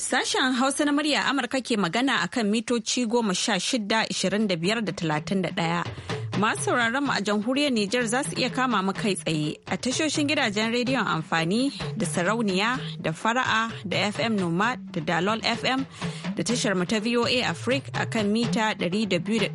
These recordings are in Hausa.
Sashen Hausa na murya Amurka ke magana akan mitoci goma sha shida, ishirin da biyar da talatin da ɗaya. Masu sauraron mu a jamhuriyar Nijar za su iya kama mu kai tsaye a tashoshin gidajen rediyon amfani da sarauniya da fara'a da FM nomad da Dalol FM da tashar mu ta VOA Africa a kan mita 200.5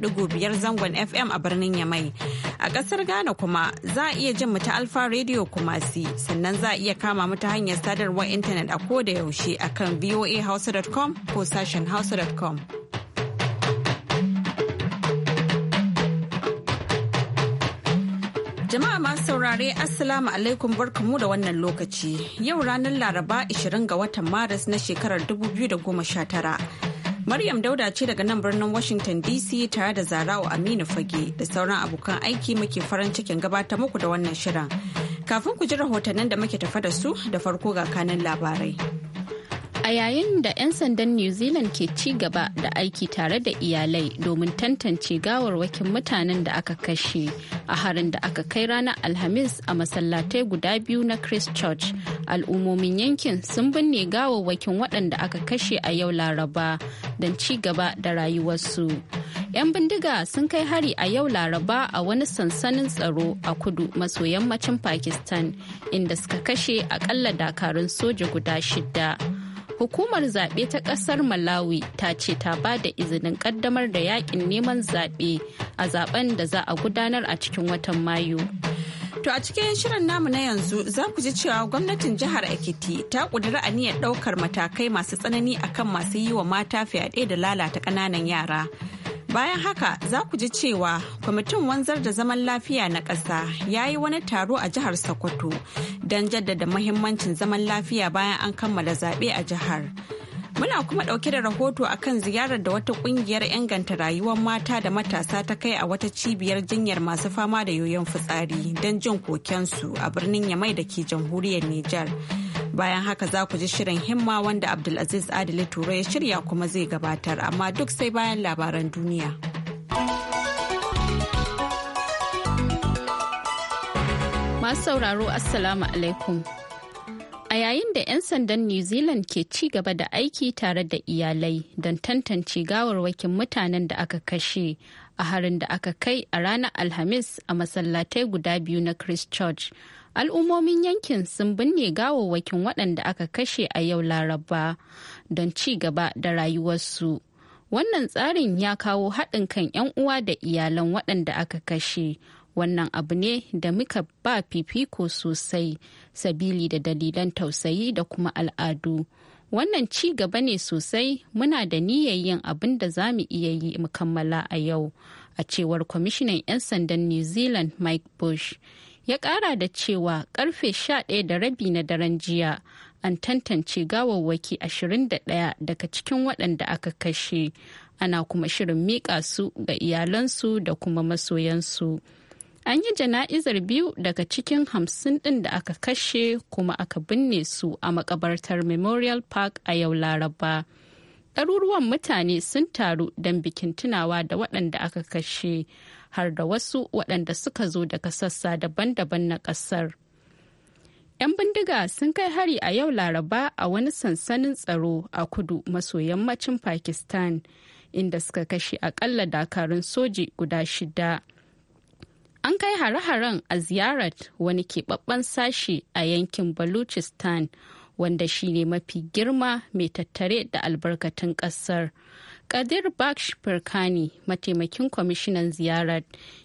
zangon FM a birnin Yamai. A ƙasar Ghana kuma za a iya jin mu ta Alfa Radio Kumasi sannan za a iya kama mu ta hanyar sadarwar intanet a ko da yaushe a kan voahausa.com ko sashen hausa.com. Jama'a masu saurare Assalamu alaikum barkamu da wannan lokaci. Yau ranar Laraba 20 ga watan Maris na shekarar 2019. Maryam Dauda ce daga nan birnin Washington DC tare da Zarawa Aminu Fage da sauran abokan aiki muke farin cikin gabata muku da wannan shirin. Kafin ku ji rahotannin da muke tafa da su da farko ga kanan labarai. a yayin da 'yan sandan new zealand ke ci gaba da aiki tare da iyalai domin tantance gawarwakin mutanen da aka kashe a harin da aka kai ranar alhamis a masallatai guda biyu na christchurch al'ummomin yankin sun binne gawarwakin waɗanda aka kashe a yau laraba don ci gaba da rayuwarsu 'yan bindiga sun kai hari a yau laraba a wani sansanin tsaro a kudu maso yammacin pakistan inda suka kashe akalla dakarun soja guda shida hukumar zaɓe ta ƙasar malawi ta ce ta ba da izinin ƙaddamar da yakin neman zaɓe a zaben da za a gudanar a cikin watan mayu To a cikin shirin namu na yanzu za ku ji cewa gwamnatin jihar Ekiti ta kudura aniyar ɗaukar matakai masu tsanani akan masu yi wa mata fyaɗe da lalata ƙananan yara. Bayan haka za ku ji cewa kwamitin wanzar da zaman lafiya na ƙasa ya yi wani taro a jihar Sokoto don jaddada mahimmancin zaman lafiya bayan an kammala zaɓe a jihar. Muna kuma ɗauke da rahoto a kan ziyarar da wata ƙungiyar inganta rayuwar mata da matasa ta kai a wata cibiyar jinyar masu fama da yoyon fitsari don jin kokensu a birnin Yamai da ke jamhuriyar Nijar. Bayan haka za ku ji shirin himma wanda Abdulaziz Adili Ture ya shirya kuma zai gabatar amma duk sai bayan labaran duniya. Masu sauraro Assalamu alaikum. A yayin da 'yan sandan New Zealand ke ci gaba da aiki tare da iyalai don tantance gawarwakin mutanen da aka kashe a harin da aka kai a ranar Alhamis a masallatai guda biyu na Christchurch. Al'ummomin yankin sun binne gawarwakin waɗanda aka kashe a yau Laraba don ci gaba da rayuwarsu. Wannan tsarin ya kawo haɗin kan 'yan uwa da iyalan waɗanda aka kashe. wannan abu ne da muka ba fifiko sosai sabili da dalilan tausayi da kuma al'adu wannan ci gaba ne sosai muna da niyyar yin abin da za mu iya yi mu a yau a cewar kwamishinan 'yan sandan new zealand mike bush ya kara da cewa karfe 11 da rabi na daren jiya an tantance gawawwaki 21 daga cikin waɗanda aka kashe ana kuma shirin miƙa su ga iyalansu da kuma masoyansu. an yi jana'izar biyu daga cikin hamsin ɗin da aka kashe kuma aka binne su a makabartar memorial park a yau laraba ɗaruruwan mutane sun taru don bikin tunawa da waɗanda aka kashe har da wasu waɗanda suka zo daga sassa daban-daban na ƙasar 'yan bindiga sun kai hari a yau laraba a wani sansanin tsaro a kudu maso yammacin pakistan inda suka kashe akalla dakarun soji guda shida An kai hare-haren a ziyarat wani keɓaɓɓen sashi a yankin Baluchistan wanda shi ne mafi girma mai tattare da albarkatun ƙasar. Kadir Baksh Firkani, mataimakin kwamishinan ziyarar,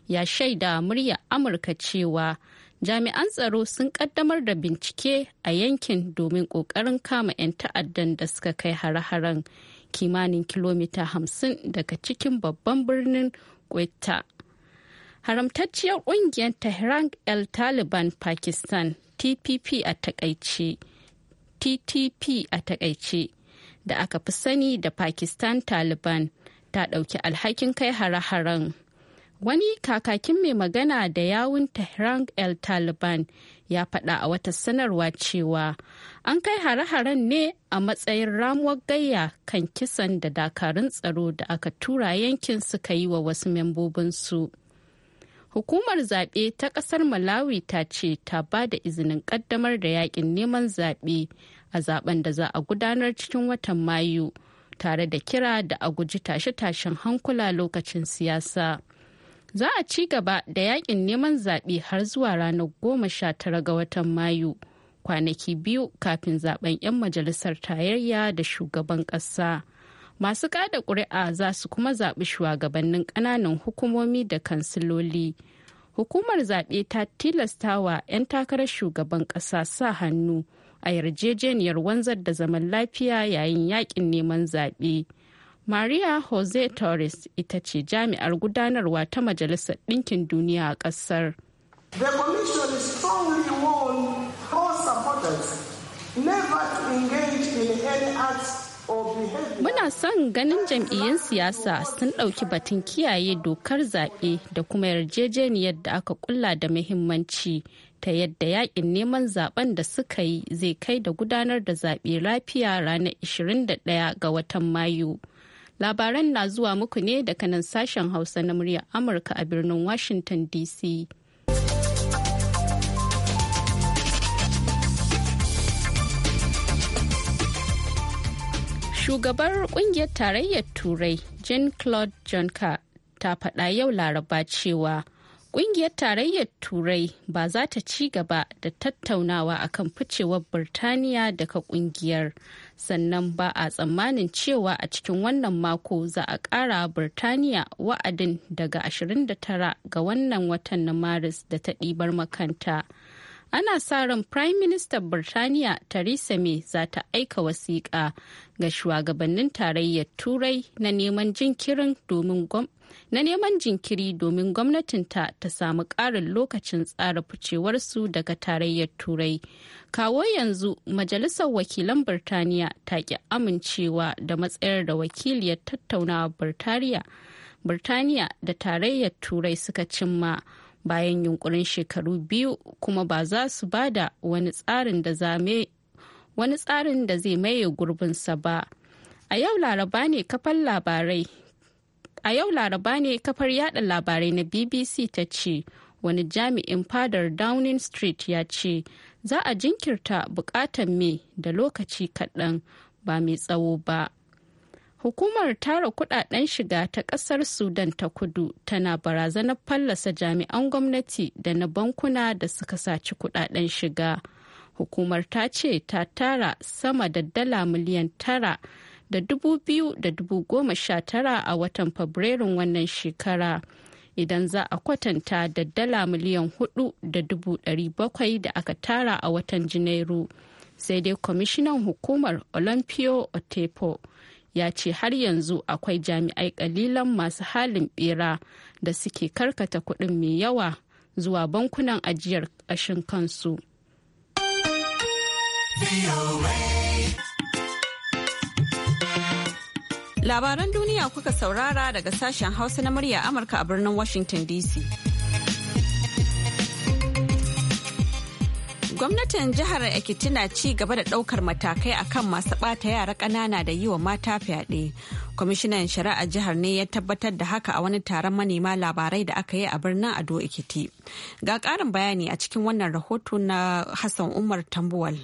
ya shaida murya Amurka cewa jami'an tsaro sun ƙaddamar da bincike a yankin domin ƙoƙarin kama 'yan ta'addan da suka kai hare-haren kimanin kilomita 50 daga cikin babban birnin kweta. haramtacciyar ƙungiyar tehran el taliban pakistan tpp a takaice ttp a takaice da aka fi sani da pakistan taliban ta ɗauki alhakin kai hare-haren wani kakakin mai magana da yawun tehran el taliban ya faɗa a wata sanarwa cewa an kai hare-haren ne a matsayin ramuwar gayya kan kisan da dakarun tsaro da aka tura yankin suka yi wa wasu membobinsu. Hukumar zaɓe ta ƙasar Malawi ta ce ta ba da izinin ƙaddamar da yakin neman zaɓe a zaben da za a gudanar cikin watan Mayu tare da kira da a guji tashe-tashen hankula lokacin siyasa. Za a ci gaba da yakin neman zaɓe har zuwa ranar goma sha tara ga watan Mayu. kwanaki biyu kafin zaben 'yan majalisar Tayayya da shugaban ƙasa. masu kada ƙuri'a za su kuma zaɓi shugabannin ƙananan hukumomi da kansiloli hukumar zaɓe ta tilastawa 'yan takarar shugaban ƙasa sa hannu a yarjejeniyar wanzar da zaman lafiya yayin yakin neman zaɓe. maria jose torres ita ce jami'ar gudanarwa ta majalisar ɗinkin duniya a ƙasar. never to engage in any acts Muna son ganin jam'iyyun siyasa sun ɗauki batun kiyaye dokar zaɓe da kuma yarjejeniyar da aka kulla da muhimmanci ta yadda yakin neman zaben da suka yi zai kai da gudanar da zaɓe lafiya ranar 21 ga watan Mayu. Labaran na zuwa muku ne daga nan sashen Hausa na muryar Amurka a birnin Washington DC. Shugabar kungiyar tarayyar Turai, Jean-Claude Juncker, ta faɗa yau Laraba cewa kungiyar tarayyar Turai ba za ta ci gaba da tattaunawa akan ficewar Birtaniya daga kungiyar. Sannan ba a tsammanin cewa a cikin wannan mako za a ƙara Birtaniya wa'adin daga 29 ga wannan watan na Maris da ta ɗibar makanta. ana sa ran prime minister birtaniya theresa may za ta aika wasiƙa ga shugabannin tarayyar turai na neman jinkirin domin na neman jinkiri domin gwamnatinta ta samu ƙarin lokacin tsara ficewar su daga tarayyar turai kawo yanzu majalisar wakilan birtaniya ta ki amincewa da matsayar da wakiliyar tattaunawa birtaniya birtaniya da tarayyar turai suka cimma bayan yunkurin shekaru biyu kuma ba za su ba da wani tsarin da zai maye gurbinsa ba a yau laraba ne kafar labarai a yau laraba ne kafar yada labarai na bbc ta ce wani jami'in fadar downing street ya ce za a jinkirta bukatan me da lokaci kaɗan ba mai tsawo ba Hukumar tara kudaden shiga ta kasar Sudan ta kudu tana barazanar fallasa jami'an gwamnati da na bankuna da suka saci kudaden shiga. Hukumar ta ce ta tara sama da dala miliyan tara da dubu biyu da dubu goma sha tara a watan Fabrairun wannan shekara. Idan za a kwatanta da dala miliyan hudu da dubu dari bakwai da aka tara a watan Janairu. Sai dai kwamishinan hukumar Olympio Otepo ya ce har yanzu akwai jami'ai kalilan masu halin bera da suke karkata kuɗin mai yawa zuwa bankunan ajiyar ƙashin kansu. Labaran duniya kuka saurara daga sashen Hausa na murya Amurka a birnin Washington DC. Gwamnatin jihar Ekiti na ci gaba da ɗaukar matakai akan masu ɓata yara ƙanana da yi wa mata fyaɗe. Kwamishinan shari'a jihar ne ya tabbatar da haka a wani taron manema labarai da aka yi a birnin Ado Ekiti. Ga ƙarin bayani a cikin wannan rahoto na Hassan Umar Tambuwal.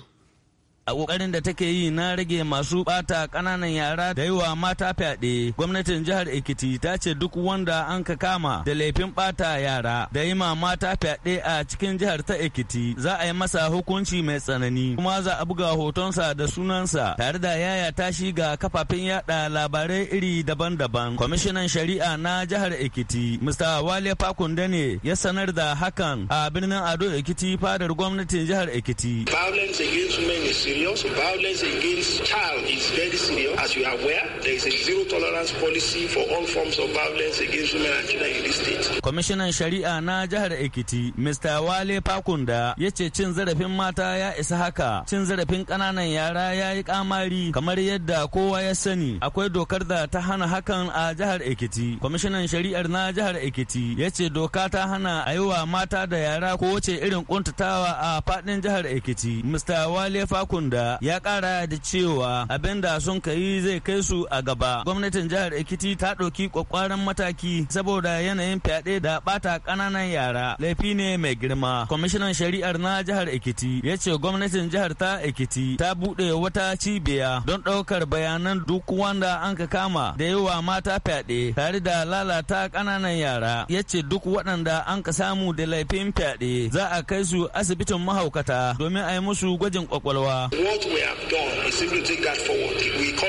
a kokarin da take yi na rage masu bata kananan yara da yawa mata fyaɗe gwamnatin jihar ekiti ta ce duk wanda an ka kama da laifin bata yara da yi ma mata fyaɗe a cikin jihar ta ekiti za a yi masa hukunci mai tsanani kuma za a buga hotonsa da sunansa tare da yaya ta ga kafafen yada labarai iri daban-daban kwamishinan shari'a na jihar ekiti mr wale fakunde ne ya sanar da hakan a birnin ado ekiti fadar gwamnatin jihar ekiti violence against men is serious. Violence against child is very serious. As you are aware, there is a zero tolerance policy for all forms of violence against women and children in this state. kwamishinan shari'a na jihar Ekiti, Mr. Wale Fakunda, ya ce cin zarafin mata ya isa haka, cin zarafin ƙananan yara ya yi kamari kamar yadda kowa ya sani. Akwai dokar da ta hana hakan a jihar Ekiti. Kwamishinan shari'ar na jihar Ekiti ya ce doka ta hana a yi wa mata da yara ko kowace irin kuntatawa a faɗin jihar Ekiti. Mr. Wale Fakunda ya ƙara da cewa abin da sun kayi zai kai su a gaba. Gwamnatin jihar Ekiti ta ɗauki ƙwaƙƙwaran mataki saboda yanayin fyaɗe da bata ƙananan yara laifi ne mai girma. Kwamishinan shari'ar na jihar Ekiti ya ce gwamnatin jihar ta Ekiti ta buɗe wata cibiya don ɗaukar bayanan duk wanda an ka kama da yawa mata fyaɗe tare da lalata ƙananan yara. Ya ce duk waɗanda an ka samu da laifin fyaɗe za a kai su asibitin mahaukata domin a yi musu gwajin kwakwalwa.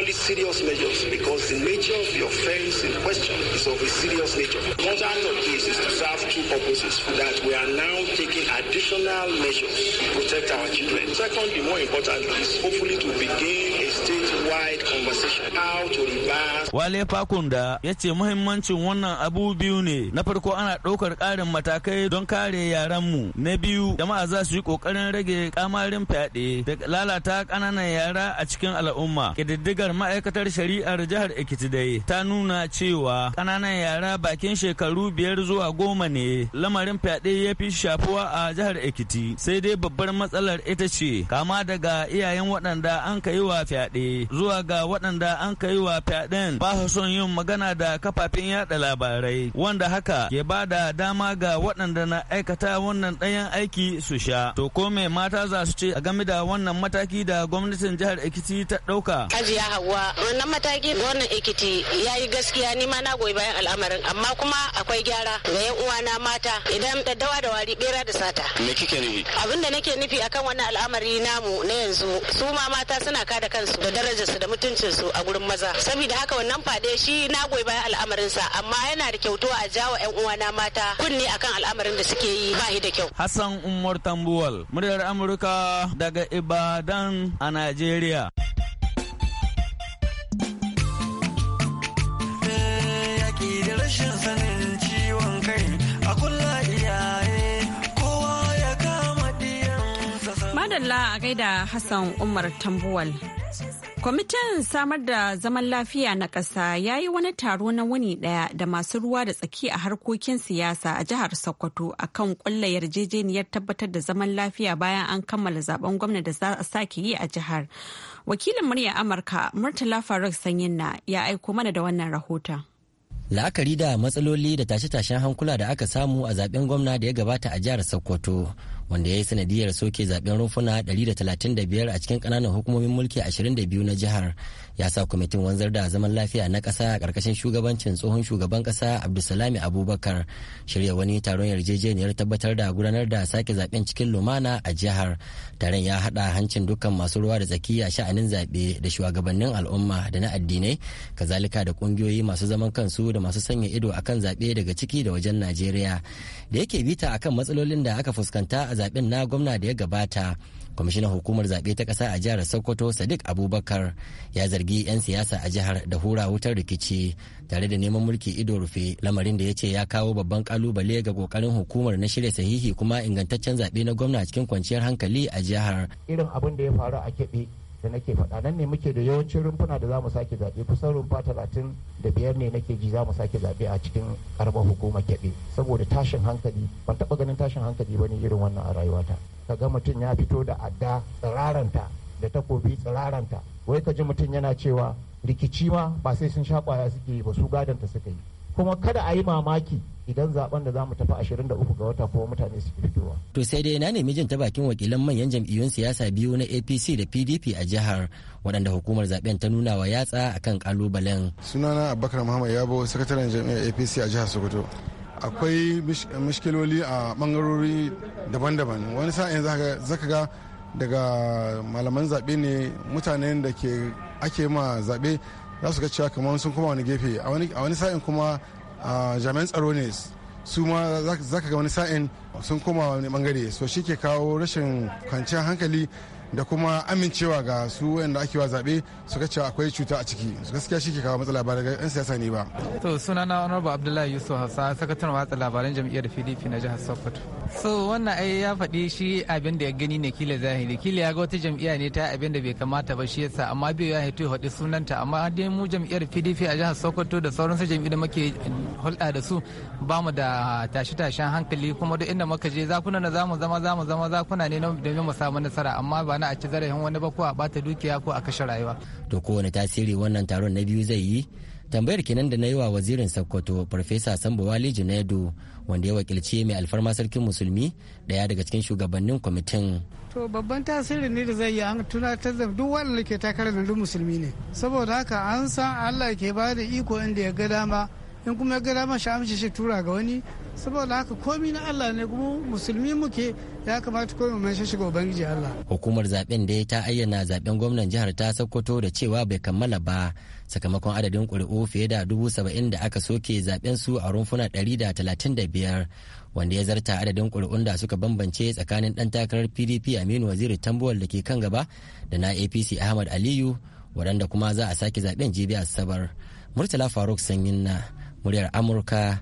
serious because the nature of your friends in question is of a serious nature. is to serve two purposes. That we are now taking additional measures to protect our children. Secondly, more importantly, is hopefully to begin a state wide conversation how to ya ce muhimmancin wannan abu biyu ne. Na farko ana ɗaukar ƙarin matakai don kare yaranmu. Na biyu jama'a za su yi ƙoƙarin rage kamarin fyaɗe da lalata ƙananan yara a cikin al'umma. Ƙididdigar ma'aikatar shari'ar jihar Ekiti dai ta nuna cewa ƙananan yara bakin shekaru biyar zuwa goma ne. Lamarin fyaɗe ya fi shafuwa a jihar Ekiti. Sai dai babbar matsalar ita ce kama daga iyayen waɗanda an ka yi wa fyaɗe zuwa ga waɗanda an ka yi wa fyaɗen ba su son yin magana da kafafen yada labarai wanda haka ke ba da dama ga waɗanda na aikata wannan ɗayan aiki su sha. To ko me mata za su ce a game da wannan mataki da gwamnatin jihar Ekiti ta ɗauka? ajiya Hauwa wannan mataki wannan Ekiti ya yi gaskiya ni ma na goyi bayan al'amarin amma kuma akwai gyara ga yan uwana mata idan daddawa da wari bera da sata. Me kike nufi? Abin da nake nufi akan wannan al'amari namu na yanzu su ma mata suna kada kansu da daraja. darajarsu da mutuncinsu a gurin maza saboda haka wannan fade shi na goyi bayan al'amarinsa amma yana da kyautuwa a jawa 'yan uwana mata kunni akan al'amarin da suke yi ba da kyau hassan umar tambuwal muryar amurka daga ibadan a najeriya za a gaida Hassan Umar Tambuwal. Kwamitin samar da zaman lafiya na ƙasa ya yi wani taro na wani ɗaya da masu ruwa da tsaki a harkokin siyasa a jihar Sokoto a kan ƙulla yarjejeniyar tabbatar da zaman lafiya bayan an kammala zaben gwamna da za a sake yi a jihar. Wakilin murya Amurka Murtala Faruk Sanyinna ya aiko mana da wannan rahoton. La'akari da matsaloli da tashe-tashen hankula da aka samu a zaben gwamna da ya gabata a jihar Sokoto. wanda ya yi sanadiyar soke zaben rumfuna 135 a cikin kananan hukumomin mulki 22 na jihar ya sa kwamitin wanzar da zaman lafiya na kasa a karkashin shugabancin tsohon shugaban kasa abdulsalami abubakar shirya wani taron yarjejeniyar tabbatar da gudanar da sake zaben cikin lumana a jihar taron ya haɗa hancin dukkan masu ruwa da tsaki a sha'anin zaɓe da shugabannin al'umma da na addinai kazalika da ƙungiyoyi masu zaman kansu da masu sanya ido akan zaɓe daga ciki da wajen najeriya da yake bita akan matsalolin da aka fuskanta a zaben na gwamna da ya gabata kwamishinan hukumar zaɓe ta ƙasa a jihar sokoto sadiq abubakar ya zargi 'yan siyasa a jihar da hura wutar rikici tare da neman mulki ido rufe lamarin da ya ce ya kawo babban kalubale ga kokarin hukumar na shirya sahihi kuma ingantaccen zaɓe na gwamna cikin kwanciyar hankali a jihar irin abin da ya faru a keɓe da nake faɗa nan ne muke da yawancin rumfuna da za mu sake zaɓe kusan rumfa talatin da biyar ne nake ji za mu sake zaɓe a cikin karamar hukumar kyaɓe saboda tashin hankali ban taɓa ganin tashin hankali ba ne irin wannan a rayuwata ka ga mutum ya fito da adda tsiraranta da takobi tsiraranta wai ka ji mutum yana cewa rikici ma ba sai sun sha kwaya suke yi ba su gadanta suka yi kuma kada a yi mamaki idan zaben da za mu tafi 23 ga wata kuma mutane su fitowa. To sai dai na nemi jin ta bakin wakilan manyan jam'iyyun siyasa biyu na APC da PDP a jihar waɗanda hukumar zaben ta nuna wa yatsa akan kalubalen. Sunana Abubakar Muhammad Yabo, sakataren jam'iyyar APC a jihar Sokoto. Akwai mishkiloli a bangarori daban-daban. Wani sa'in ka ga daga malaman zaɓe ne mutanen da ke ake ma zaɓe za su ga cewa kamar sun kuma wani gefe a wani sa'in kuma a jami'an tsaro ne su ma za ka ga wani sa'in sun koma wani bangare so shi ke kawo rashin kwanciyar hankali da kuma amincewa ga su wanda ake wa zaɓe su ga cewa akwai cuta a ciki su gaskiya shi ke kawo matsala ba daga 'yan siyasa ne ba. to suna na honorable abdullahi yusuf hausa sakataren watsa labaran jam'iyyar pdp na jihar sokoto. so wannan ai ya faɗi shi abin da ya gani ne kila zahiri kila ya ga wata jam'iyya ne ta abin da bai kamata ba shi yasa amma bai ya haito ya faɗi sunanta amma dai mu jam'iyyar pdp a jihar sokoto da sauransu jam'iyyar da muke hulɗa da su ba mu da tashi-tashen hankali kuma duk inda muka je zakuna na zamu zama zamu zama zakuna ne domin mu samu nasara amma ba wani a ci zarafin wani ba ko a bata dukiya ko a kashe rayuwa to kowane tasiri wannan taron na biyu zai yi tambayar kenan da na yi wa wazirin sokoto farfesa sambo wali junaidu wanda ya wakilci mai alfarma sarkin musulmi daya daga cikin shugabannin kwamitin to babban tasiri ne da zai yi an tunatar da duk wanda ke takarar da duk musulmi ne saboda haka an san allah ke ba da iko inda ya ga dama in kuma ya ga dama shi amshi shi tura ga wani saboda haka komi na Allah ne kuma musulmi muke ya kamata komi mai shiga ubangiji Allah hukumar zaben da ta ayyana zaben gwamnan jihar ta Sokoto da cewa bai kammala ba sakamakon adadin ƙuri'u fiye da dubu saba'in da aka soke zaben su a rumfuna ɗari da talatin da biyar wanda ya zarta adadin ƙuri'un da suka bambance tsakanin ɗan takarar pdp aminu waziri tambuwal da ke kan gaba da na apc ahmad aliyu waɗanda kuma za a sake zaben jibi asabar murtala faruk sanyin na muryar amurka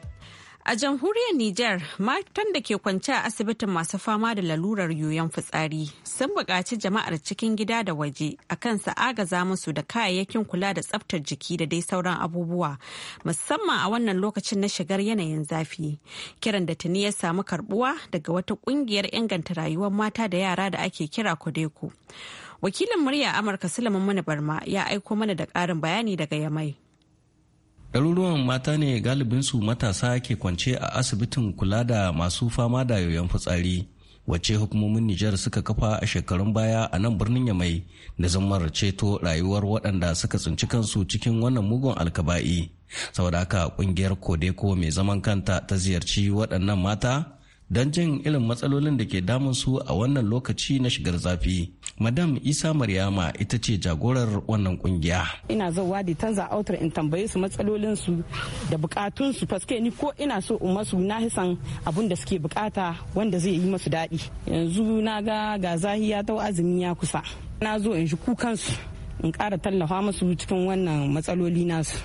A jamhuriyar Nijar, matan da ke kwance a asibitin masu fama da lalurar yoyon fitsari sun buƙaci jama'ar cikin gida da waje a kan agaza musu da kayayyakin kula da tsaftar jiki da dai sauran abubuwa, musamman a wannan lokacin na shigar yanayin zafi. Kiran da tuni ya samu karbuwa daga wata ƙungiyar inganta rayuwar mata da yara da ake kira Kodeko. Wakilin murya Amurka Sulaiman Mani Barma ya aiko mana da ƙarin bayani daga Yamai. ɗaruruwan mata ne galibinsu matasa ke kwance a asibitin kula da masu fama da yoyon fitsari wacce hukumomin Nijar suka kafa a shekarun baya a nan birnin Yamai da zammar ceto rayuwar waɗanda suka tsinci kansu cikin wannan mugun alkaba'i. saboda haka ƙungiyar kodeko mai zaman kanta ta ziyarci waɗannan mata don jin irin matsalolin da ke damun su a wannan lokaci na shigar zafi. Madam Isa Maryama ita ce jagorar wannan kungiya. Ina zauwa da tanza autar in tambaye su matsalolin su da bukatun su faske ni ko ina so in masu na hisan abun da suke bukata wanda zai yi masu daɗi. Yanzu na ga ga zahiya ta azumi ya kusa. Na zo in shi kukansu in ƙara tallafa masu cikin wannan matsaloli nasu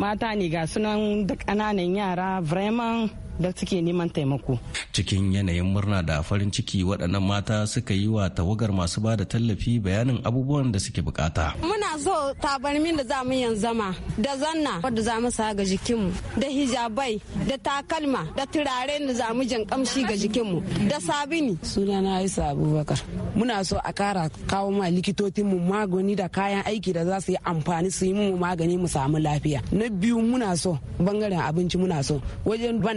mata ne ga sunan da ƙananan yara vraiment da suke neman taimako. Cikin yanayin murna da farin ciki waɗannan mata suka yi wa tawagar masu ba da tallafi bayanin abubuwan da suke bukata. Muna so tabarmin da za mu yanzu zama da zanna wadda za mu sa ga jikinmu da hijabai da takalma da turaren da za mu jan kamshi ga jikinmu da sabini. Sunana Aisha Abubakar. Muna so a kara kawo ma likitotinmu magani da kayan aiki da za su yi amfani su yi mu magani mu samu lafiya. Na biyu muna so bangaren abinci muna so wajen ban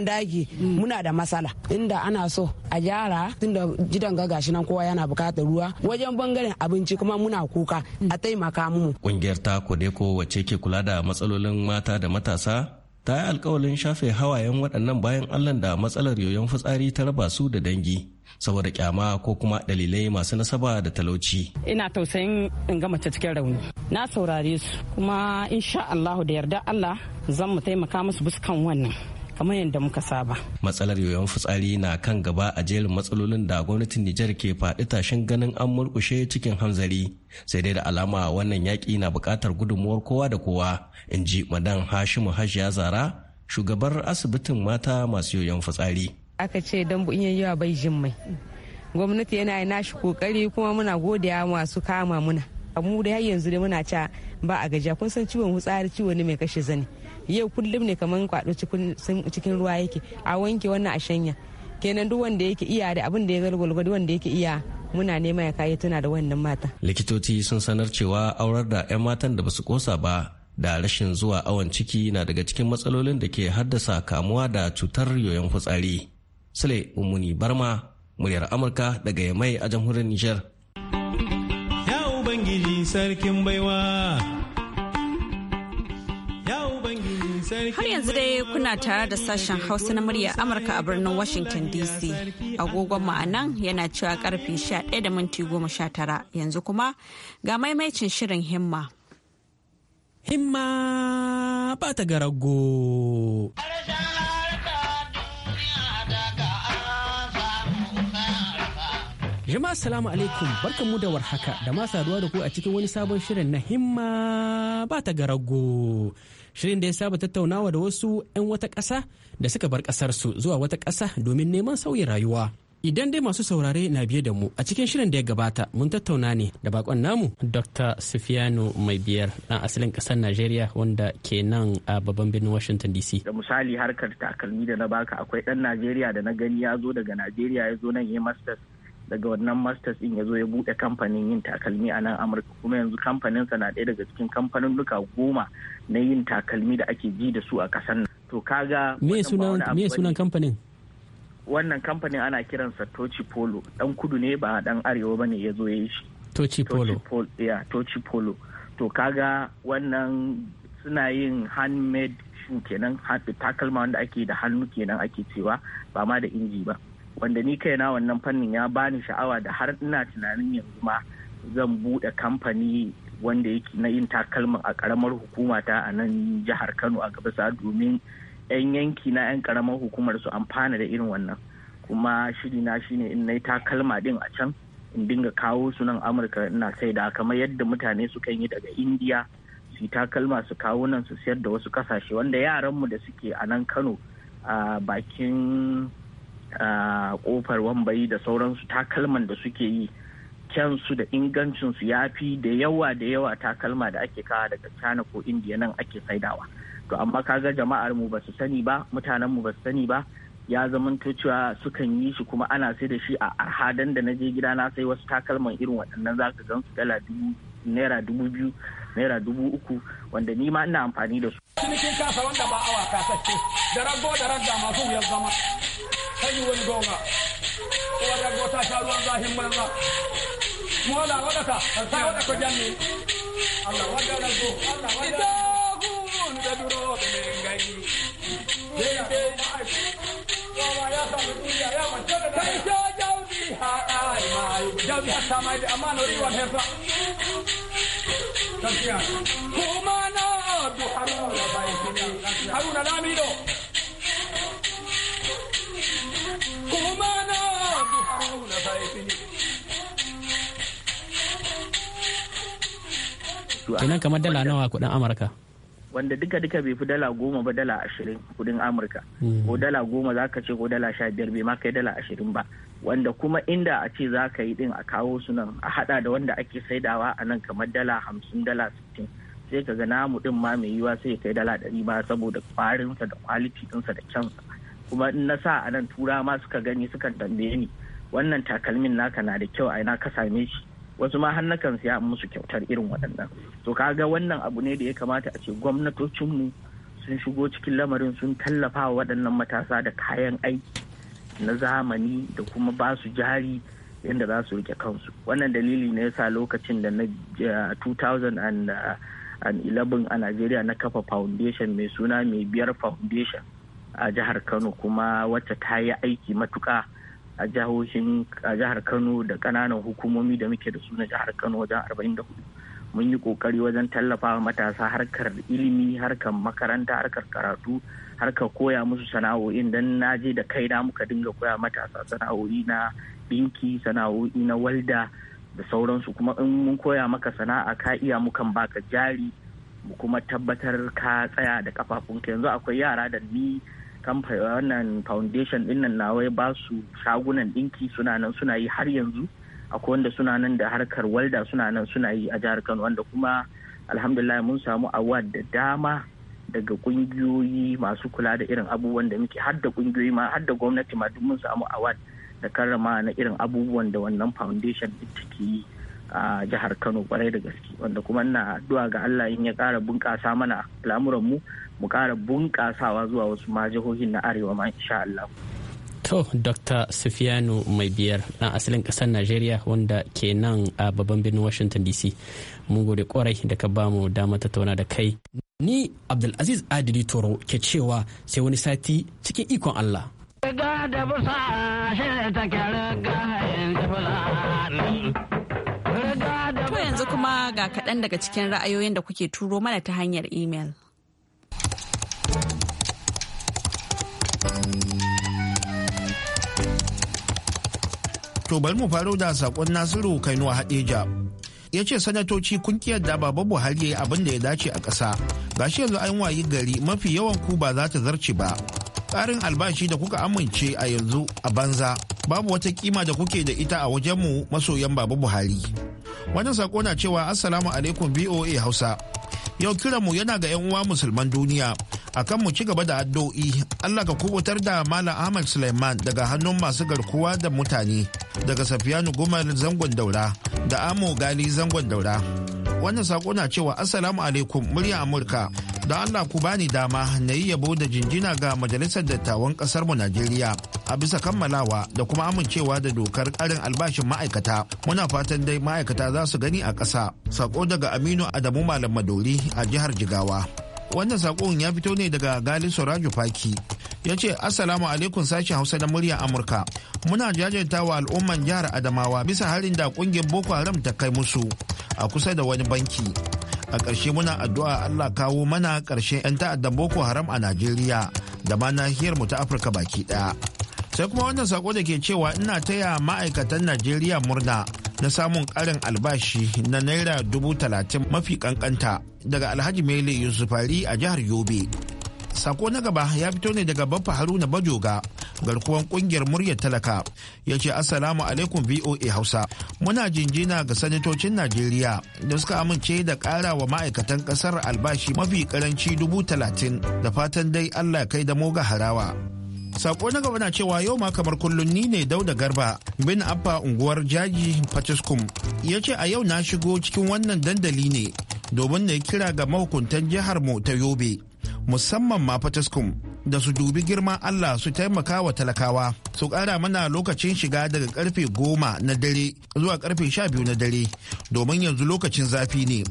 muna da matsala inda ana so a gyara tunda gidan ga gashi nan kowa yana bukatar ruwa wajen bangaren abinci kuma muna kuka a taimaka mu kungiyar ta kodeko wacce ke kula da matsalolin mata da matasa ta yi alkawalin shafe hawayen waɗannan bayan allan da matsalar yoyon fitsari ta raba su da dangi saboda kyama ko kuma dalilai masu nasaba da talauci. Ina tausayin in ga mace cikin rauni. Na saurare su kuma insha Allahu da yarda Allah zan mu taimaka musu buskan wannan. kamar yadda muka saba. Matsalar yoyon fitsari na kan gaba a jerin matsalolin da gwamnatin Nijar ke faɗi tashin ganin an murƙushe cikin hanzari. Sai dai da alama wannan yaƙi na buƙatar gudunmuwar kowa da kowa, in ji madan Hashimu Hajiya Zara, shugabar asibitin mata masu yoyon fitsari. Aka ce dan bu yawa bai jin mai. Gwamnati yana nashi kokari kuma muna godiya masu kama muna. Mu da yanzu da muna ca ba a gajiya kun san ciwon fitsari ciwo ne mai kashe zane. yau kullum ne kamar kwado cikin ruwa yake a wanke wannan a shanya kenan duk wanda yake iya da abin da ya galgwalgwa duk wanda yake iya muna nema ya kayi tuna da wannan mata likitoci sun sanar cewa aurar da 'yan matan da basu kosa ba da rashin zuwa awon ciki na daga cikin matsalolin da ke haddasa kamuwa da cutar yoyon fitsari sule umuni barma muryar amurka daga yamai a jamhuriyar nijar ya ubangiji sarkin baiwa Har yanzu dai kuna tare da sashen Hausa na murya Amurka a birnin Washington DC. Agogon ma'anan yana cewa karfe 11 da minti tara yanzu kuma ga maimaicin shirin himma. Himma ba ta garago. Jama'a salamu alaikum barkanmu da warhaka da saduwa da ku a cikin wani sabon shirin na himma ba ta garago. shirin da ya saba tattaunawa da wasu 'yan wata ƙasa da suka bar ƙasarsu zuwa wata ƙasa domin neman sauyin rayuwa. Idan dai masu saurare na biye da mu a cikin shirin da ya gabata mun tattauna ne da bakon namu Dr. Sufiyano mai biyar ɗan asalin ƙasar Najeriya wanda ke nan a babban birnin Washington DC. Da misali harkar takalmi da na baka akwai ɗan Najeriya da na gani ya zo daga Najeriya ya zo nan ya masters daga wannan masters din ya zo ya bude kamfanin yin takalmi a nan amurka kuma yanzu kamfanin sa na ɗaya daga cikin kamfanin duka goma na yin takalmi da ake ji da su a ƙasar nan to kaga me sunan kamfanin wannan kamfanin ana kiransa tochi polo dan kudu ne ba dan arewa bane ya zo ya yi shi tochi polo ya tochi polo to kaga wannan suna yin handmade shoe kenan takalma wanda ake da hannu kenan ake cewa ba ma da inji ba wanda ni kaina wannan fannin ya bani sha'awa da har ina tunanin yanzu ma zan buɗe kamfani wanda yake na yin takalmin a ƙaramar hukumata a nan jihar kano a gabasa domin 'yan yanki na 'yan karamar hukumar su amfana da irin wannan kuma shiri na shine in na yi takalma din a can in dinga kawo su nan amurka ina sai da kamar yadda mutane sukan yi daga indiya su takalma su kawo nan su siyar da wasu kasashe wanda yaranmu da suke a nan kano a bakin kofar wambayi da sauransu takalman da suke yi kyansu da ingancinsu ya fi da yawa da yawa takalma da ake kawa daga china ko india nan ake saidawa to amma kaga jama'ar mu basu sani ba mutanen mu basu sani ba ya zamanto cewa sukan yi shi kuma ana sai da shi a arhadan da na je gida na sai wasu takalman irin waɗannan za ka gan su dala dubu naira dubu biyu naira dubu uku wanda ni ma ina amfani da su. Cinikin kasa wanda ba awa da rago da masu wuyar zama kañum woni goonga o waɗat go ta taru an ga himmal nga mo ta waɗa ko janni allah waddanal go allah waɗagun gaduroɓe men gayi kay jawdi ha jawdi hefa du haruna baytini su kenan kamar dala nawa kuɗin amurka wanda duka duka bai fi dala goma ba dala ashirin kudin amurka hmm. ko dala goma za ka ce ko dala sha biyar bai ma kai dala ashirin ba wanda kuma inda a ce za ka yi din a kawo su nan a haɗa da wanda ake saidawa a nan kamar dala hamsin dala sittin sai ka ga namu din ma mai yiwa sai kai dala ɗari ba saboda kwarinsa da kwaliti ɗinsa da kyansa kuma in na sa a nan tura ma suka gani suka tambaye ni wannan takalmin naka na da kyau a ina ka same shi wasu ma har nakan siya musu kyautar irin waɗannan to ga wannan abu ne da ya kamata a ce gwamnatocinmu sun shigo cikin lamarin sun tallafa wa waɗannan matasa da kayan aiki na zamani da kuma ba su jari yadda za su rike kansu wannan dalili ne yasa lokacin da na 2011 eh, a najeriya na kafa foundation mai suna mai biyar foundation a jihar kano kuma wacce ta yi aiki matuka a jihohin a jihar kano da kananan hukumomi da muke da su na jihar kano wajen arba'in da hudu mun yi ƙoƙari wajen tallafawa matasa harkar ilimi harkar makaranta harkar karatu harkar koya musu sana'o'in don na je da kaina muka dinga koya matasa sana'o'i na ɗinki sana'o'i na walda da sauransu kuma in mun koya maka sana'a ka iya mukan baka jari mu kuma tabbatar ka tsaya da kafafunka yanzu akwai yara da ni Kamfanin wannan foundation din nan nawai ba su shagunan dinki suna nan suna yi har yanzu akwai wanda suna nan da harkar walda suna nan suna yi a jihar kano wanda kuma alhamdulillah mun samu award da dama daga kungiyoyi masu kula da irin abubuwan da muke har da kungiyoyi ma har da gwamnati ma duk mun samu award da karrama na irin abubuwan da wannan foundation take yi a jihar kano kwarai da gaske wanda kuma ina addu'a ga allah in ya kara bunƙasa mana al'amuran mu mu kara bunƙasawa zuwa wasu ma jihohin na arewa ma insha allah to dr sufiyanu mai biyar na asalin ƙasar najeriya wanda ke nan a babban birnin washington dc mun gode kwarai da ka ba mu dama tattauna da kai ni abdulaziz adili toro ke cewa sai wani sati cikin ikon allah riga da busa shi ta riga ga kaɗan daga cikin ra'ayoyin da kuke turo mana ta hanyar imel. To bari mu faro da sakon Nasiru Kainuwa Hadeja. Ya ce sanatoci kun kiyarda baba Buhari ya yi abin da ya dace a ƙasa. Gashi yanzu an wayi gari mafi yawan ku ba za ta zarce ba. Ƙarin albashi da kuka amince a yanzu a banza. Babu wata kima da kuke da ita a wajenmu masoyan baba Buhari. wannan sako na cewa assalamu alaikum voa hausa yau kiranmu yana ga 'yan uwa musulman duniya akan mu ci gaba da addu'o'i allah ka kubutar da malam ahmad suleiman daga hannun masu garkuwa da mutane daga safiyanu gumar zangon daura da amo gali zangon daura wannan sako na cewa assalamu alaikum murya amurka don Allah ku bani dama na yi yabo da jinjina ga majalisar dattawan kasar mu Najeriya a bisa kammalawa da kuma amincewa da dokar karin albashin ma'aikata. Muna fatan dai ma'aikata za su gani a ƙasa. Sako daga Aminu Adamu Malam Madori a jihar Jigawa. Wannan sakon ya fito ne daga Gali Sorajo Faki. Ya ce Assalamu alaikum sashen Hausa da murya Amurka. Muna jajantawa al'umman jihar Adamawa bisa harin da kungiyar Boko Haram ta kai musu a kusa da wani banki. a ƙarshe muna addu'a allah kawo mana ƙarshen 'yan ta'addan boko haram a najeriya da ma nahiyar mu ta afirka baki ɗaya sai kuma wannan sako da ke cewa ina taya ma'aikatan najeriya murna na samun ƙarin albashi na naira dubu talatin mafi ƙanƙanta daga alhaji mele yusufari a jihar yobe sako na gaba ya fito ne daga baffa haruna bajoga garkuwan kungiyar muryar talaka ya ce assalamu alaikum voa hausa muna jinjina ga sanatocin najeriya da suka amince da kara wa ma'aikatan kasar albashi mafi karanci dubu talatin da fatan dai allah kai da moga harawa Sako na gaba na cewa yau ma kamar kullum ni ne Dauda Garba bin Abba unguwar Jaji Fatiskum ya ce a yau na shigo cikin wannan dandali ne domin na kira ga mahukuntan jihar mu ta Yobe musamman ma Fatiskum da su dubi girman Allah su taimaka wa talakawa su ƙara mana lokacin shiga daga karfe goma na dare zuwa karfe sha biyu na dare domin yanzu lokacin zafi ne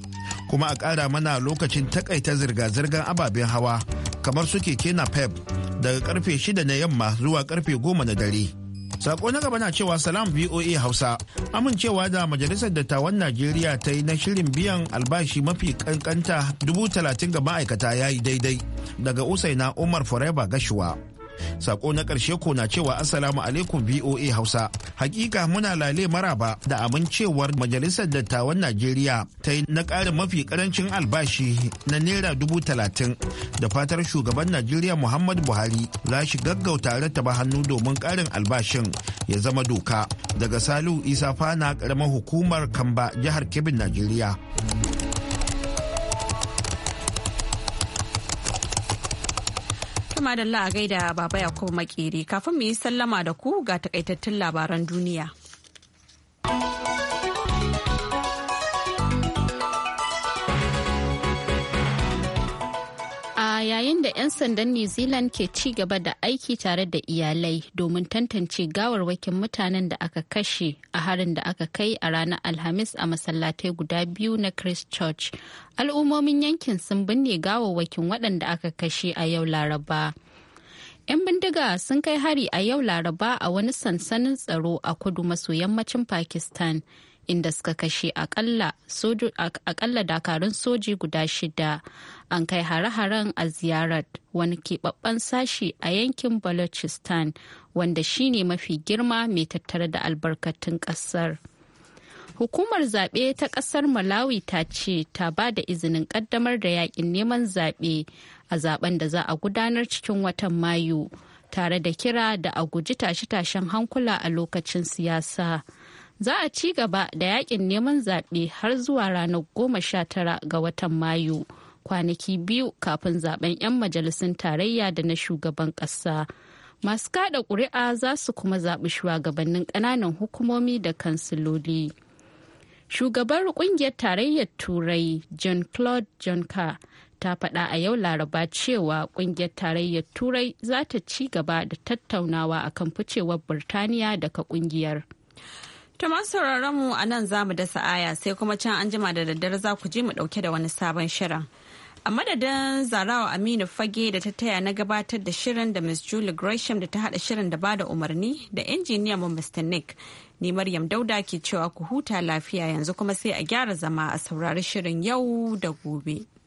kuma a ƙara mana lokacin takaita zirga-zirgar ababen hawa kamar su keke na pep daga karfe shida na yamma zuwa karfe goma na dare Sako na gaba na cewa salam VOA Hausa. Amincewa da Majalisar Dattawan Najeriya ta yi na shirin biyan albashi mafi kankanta dubu talatin ga ma'aikata ya yi daidai daga Usaina Umar Forever Gashuwa. sako na karshe ko na cewa assalamu alaikum voa hausa hakika muna lale maraba da amincewar majalisar dattawan najeriya ta yi na karin mafi karancin albashi na naira dubu talatin da fatar shugaban najeriya muhammadu buhari za shi gaggauta ba hannu domin karin albashin ya zama doka daga salu isa fana ƙaramar hukumar kamba jihar kebbi najeriya Tuma da a gaida baba Yakubu kuma kafin mu yi sallama da ku ga takaitattun labaran duniya. yayin da 'yan sandan new zealand ke ci gaba da aiki tare da iyalai domin tantance gawarwakin mutanen da aka kashe a harin da aka kai a ranar alhamis a masallatai guda biyu na christchurch al'ummomin yankin sun binne gawarwakin waɗanda aka kashe a yau laraba 'yan bindiga sun kai hari a yau laraba a wani sansanin tsaro a kudu maso yammacin pakistan inda suka kashe akalla dakarun soji guda shida an kai hare-haren a ziyarar wani keɓaɓɓen sashi a yankin balochistan wanda shine mafi girma mai tattare da albarkatun ƙasar hukumar zaɓe ta ƙasar malawi ta ce ta ba da izinin ƙaddamar da yaƙin neman zaɓe a zaɓen da za a gudanar cikin watan mayu tare da kira da a guji tashe-tashen hankula a lokacin siyasa. za a ci gaba da yakin neman zaɓe har zuwa ranar goma sha tara ga watan mayu kwanaki biyu kafin zaben 'yan majalisun tarayya da na shugaban ƙasa masu kada ƙuri'a za su kuma zaɓi shugabannin ƙananan hukumomi da kansiloli shugabar ƙungiyar tarayyar turai john claude juncker ta faɗa a yau laraba cewa ƙungiyar tarayyar turai za ta ci gaba da tattaunawa akan ficewar birtaniya daga ƙungiyar. To masu sauraron mu a nan za mu dasa aya sai kuma can an jima da daddare za ku je mu dauke da wani sabon shirin. A madadin Zarawa Aminu Fage da ta taya na gabatar da shirin da Miss Julie Gresham da ta haɗa shirin da ba da umarni da injiniya mu Mr. Nick. Ni Maryam Dauda ke cewa ku huta lafiya yanzu kuma sai a gyara zama a saurari shirin yau da gobe.